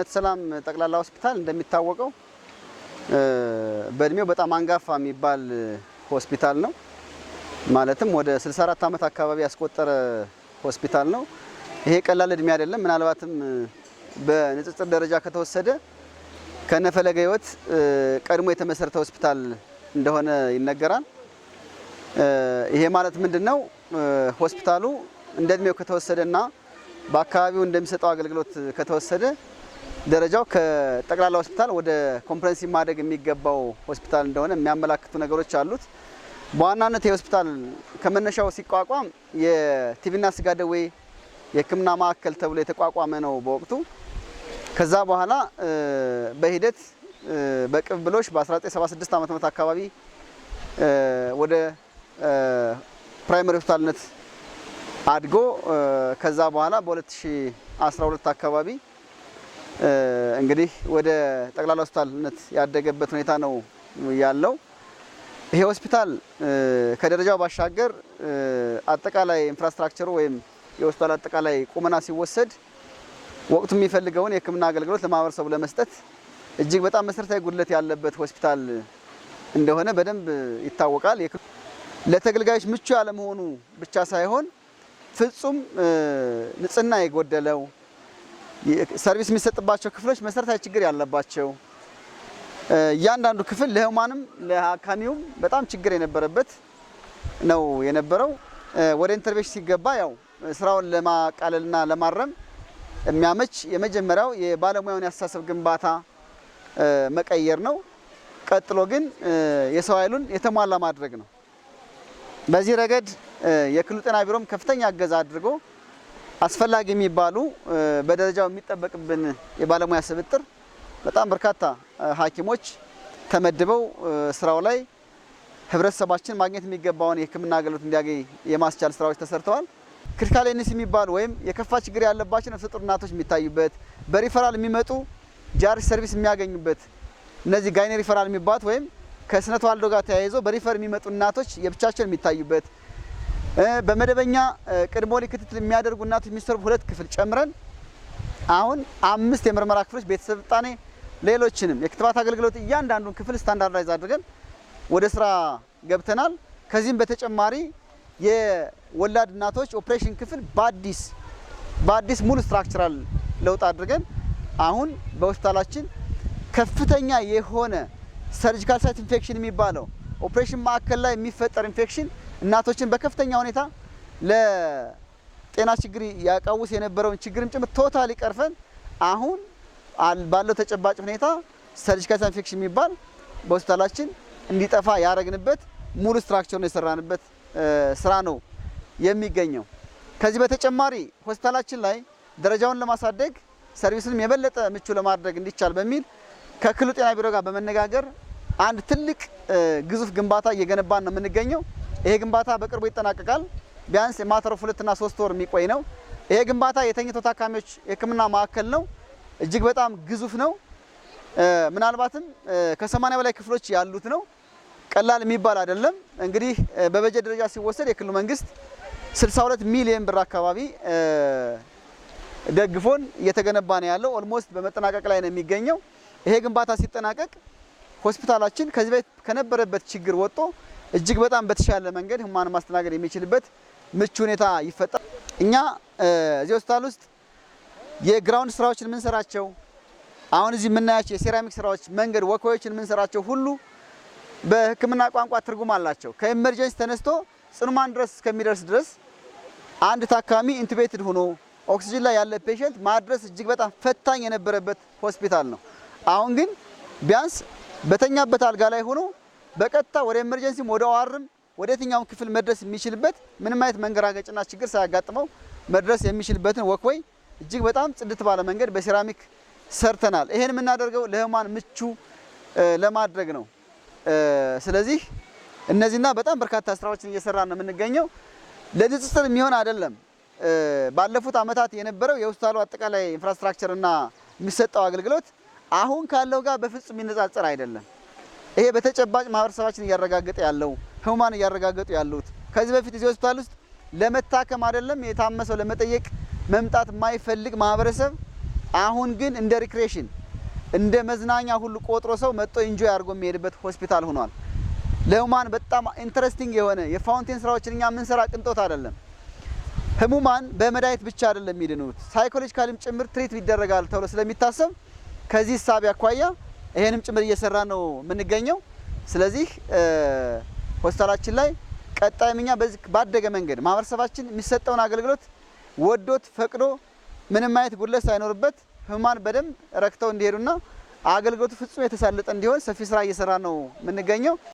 እውነት ሰላም ጠቅላላ ሆስፒታል እንደሚታወቀው በእድሜው በጣም አንጋፋ የሚባል ሆስፒታል ነው። ማለትም ወደ 64 ዓመት አካባቢ ያስቆጠረ ሆስፒታል ነው። ይሄ ቀላል እድሜ አይደለም። ምናልባትም በንጽጽር ደረጃ ከተወሰደ ከነፈለገ ህይወት ቀድሞ የተመሰረተ ሆስፒታል እንደሆነ ይነገራል። ይሄ ማለት ምንድን ነው? ሆስፒታሉ እንደ እድሜው ከተወሰደና በአካባቢው እንደሚሰጠው አገልግሎት ከተወሰደ ደረጃው ከጠቅላላ ሆስፒታል ወደ ኮምፕረሄንሲቭ ማደግ የሚገባው ሆስፒታል እንደሆነ የሚያመላክቱ ነገሮች አሉት። በዋናነት የሆስፒታል ከመነሻው ሲቋቋም የቲቪና ስጋ ደዌ የሕክምና ማዕከል ተብሎ የተቋቋመ ነው በወቅቱ። ከዛ በኋላ በሂደት በቅብብሎች በ1976 ዓ ም አካባቢ ወደ ፕራይመሪ ሆስፒታልነት አድጎ ከዛ በኋላ በ2012 አካባቢ እንግዲህ ወደ ጠቅላላ ሆስፒታልነት ያደገበት ሁኔታ ነው ያለው። ይሄ ሆስፒታል ከደረጃው ባሻገር አጠቃላይ ኢንፍራስትራክቸሩ ወይም የሆስፒታል አጠቃላይ ቁመና ሲወሰድ ወቅቱ የሚፈልገውን የሕክምና አገልግሎት ለማህበረሰቡ ለመስጠት እጅግ በጣም መሰረታዊ ጉድለት ያለበት ሆስፒታል እንደሆነ በደንብ ይታወቃል። ለተገልጋዮች ምቹ ያለመሆኑ ብቻ ሳይሆን ፍጹም ንጽህና የጎደለው ሰርቪስ የሚሰጥባቸው ክፍሎች መሰረታዊ ችግር ያለባቸው እያንዳንዱ ክፍል ለህሙማንም ለአካሚውም በጣም ችግር የነበረበት ነው የነበረው። ወደ ኢንተርቬንሽን ሲገባ ያው ስራውን ለማቃለልና ለማረም የሚያመች የመጀመሪያው የባለሙያውን ያስተሳሰብ ግንባታ መቀየር ነው። ቀጥሎ ግን የሰው ኃይሉን የተሟላ ማድረግ ነው። በዚህ ረገድ የክልሉ ጤና ቢሮም ከፍተኛ እገዛ አድርጎ አስፈላጊ የሚባሉ በደረጃው የሚጠበቅብን የባለሙያ ስብጥር በጣም በርካታ ሐኪሞች ተመድበው ስራው ላይ ህብረተሰባችን ማግኘት የሚገባውን የህክምና አገልግሎት እንዲያገኝ የማስቻል ስራዎች ተሰርተዋል። ክሪቲካል ኢልነስ የሚባሉ ወይም የከፋ ችግር ያለባቸው ነፍሰ ጡር እናቶች የሚታዩበት በሪፈራል የሚመጡ ጃር ሰርቪስ የሚያገኙበት እነዚህ ጋይኔ ሪፈራል የሚባሉት ወይም ከስነ ተዋልዶ ጋር ተያይዞ በሪፈር የሚመጡ እናቶች የብቻቸውን የሚታዩበት በመደበኛ ቅድመ ወሊድ ክትትል የሚያደርጉ እናቶች የሚሰሩ ሁለት ክፍል ጨምረን አሁን አምስት የምርመራ ክፍሎች ቤተሰብ ሌሎችንም የክትባት አገልግሎት እያንዳንዱን ክፍል ስታንዳርዳይዝ አድርገን ወደ ስራ ገብተናል። ከዚህም በተጨማሪ የወላድ እናቶች ኦፕሬሽን ክፍል በአዲስ በአዲስ ሙሉ ስትራክቸራል ለውጥ አድርገን አሁን በሆስፒታላችን ከፍተኛ የሆነ ሰርጂካል ሳይት ኢንፌክሽን የሚባለው ኦፕሬሽን ማዕከል ላይ የሚፈጠር ኢንፌክሽን እናቶችን በከፍተኛ ሁኔታ ለጤና ችግር ያቃውስ የነበረውን ችግርም ጭምር ቶታሊ ቀርፈን አሁን ባለው ተጨባጭ ሁኔታ ሰርጂካል ኢንፌክሽን የሚባል በሆስፒታላችን እንዲጠፋ ያደረግንበት ሙሉ ነው የሰራንበት ስራ ነው የሚገኘው። ከዚህ በተጨማሪ ሆስፒታላችን ላይ ደረጃውን ለማሳደግ ሰርቪስንም የበለጠ ምቹ ለማድረግ እንዲቻል በሚል ከክልሉ ጤና ቢሮ ጋር በመነጋገር አንድ ትልቅ ግዙፍ ግንባታ እየገነባን ነው የምንገኘው። ይሄ ግንባታ በቅርቡ ይጠናቀቃል። ቢያንስ የማተረፍ ሁለትና ሶስት ወር የሚቆይ ነው። ይሄ ግንባታ የተኝቶ ታካሚዎች የህክምና ማዕከል ነው። እጅግ በጣም ግዙፍ ነው። ምናልባትም ከሰማንያ በላይ ክፍሎች ያሉት ነው። ቀላል የሚባል አይደለም። እንግዲህ በበጀት ደረጃ ሲወሰድ የክልሉ መንግስት 62 ሚሊዮን ብር አካባቢ ደግፎን እየተገነባ ነው ያለው። ኦልሞስት በመጠናቀቅ ላይ ነው የሚገኘው። ይሄ ግንባታ ሲጠናቀቅ ሆስፒታላችን ከዚህ በፊት ከነበረበት ችግር ወጥቶ እጅግ በጣም በተሻለ መንገድ ህሙማን ማስተናገድ የሚችልበት ምቹ ሁኔታ ይፈጠራል። እኛ እዚህ ሆስፒታል ውስጥ የግራውንድ ስራዎችን የምንሰራቸው አሁን እዚህ የምናያቸው የሴራሚክ ስራዎች፣ መንገድ ወካዮችን የምንሰራቸው ሁሉ በህክምና ቋንቋ ትርጉም አላቸው። ከኤመርጀንሲ ተነስቶ ጽኑማን ድረስ እስከሚደርስ ድረስ አንድ ታካሚ ኢንቱቤትድ ሆኖ ኦክሲጅን ላይ ያለ ፔሸንት ማድረስ እጅግ በጣም ፈታኝ የነበረበት ሆስፒታል ነው። አሁን ግን ቢያንስ በተኛበት አልጋ ላይ ሆኖ በቀጥታ ወደ ኤመርጀንሲም ወደ አዋርም ወደ የትኛውም ክፍል መድረስ የሚችልበት ምንም አይነት መንገራገጭና ችግር ሳያጋጥመው መድረስ የሚችልበትን ወክወይ እጅግ በጣም ጽድት ባለ መንገድ በሴራሚክ ሰርተናል። ይሄን የምናደርገው ለህማን ምቹ ለማድረግ ነው። ስለዚህ እነዚህና በጣም በርካታ ስራዎችን እየሰራ ነው የምንገኘው። ለንጽጽር የሚሆን አይደለም። ባለፉት አመታት የነበረው የሆስፒታሉ አጠቃላይ ኢንፍራስትራክቸርና የሚሰጠው አገልግሎት አሁን ካለው ጋር በፍጹም የሚነጻጸር አይደለም። ይሄ በተጨባጭ ማህበረሰባችን እያረጋገጠ ያለው ህሙማን እያረጋገጡ ያሉት ከዚህ በፊት እዚህ ሆስፒታል ውስጥ ለመታከም አይደለም የታመሰው ለመጠየቅ መምጣት የማይፈልግ ማህበረሰብ አሁን ግን እንደ ሪክሬሽን እንደ መዝናኛ ሁሉ ቆጥሮ ሰው መጥቶ ኢንጆይ አድርጎ የሚሄድበት ሆስፒታል ሆኗል። ለህሙማን በጣም ኢንትረስቲንግ የሆነ የፋውንቴን ስራዎችን እኛ የምንሰራ ቅንጦት አይደለም። ህሙማን በመድኃኒት ብቻ አይደለም የሚድኑት፣ ሳይኮሎጂካልም ጭምር ትሪት ይደረጋል ተብሎ ስለሚታሰብ ከዚህ ሳቢ አኳያ ይሄንም ጭምር እየሰራ ነው የምንገኘው። ስለዚህ ሆስፒታላችን ላይ ቀጣይም እኛ በዚህ ባደገ መንገድ ማህበረሰባችን የሚሰጠውን አገልግሎት ወዶት ፈቅዶ ምንም አይነት ጉድለት ሳይኖርበት ህሙማን በደንብ ረክተው እንዲሄዱና አገልግሎቱ ፍጹም የተሳለጠ እንዲሆን ሰፊ ስራ እየሰራ ነው የምንገኘው።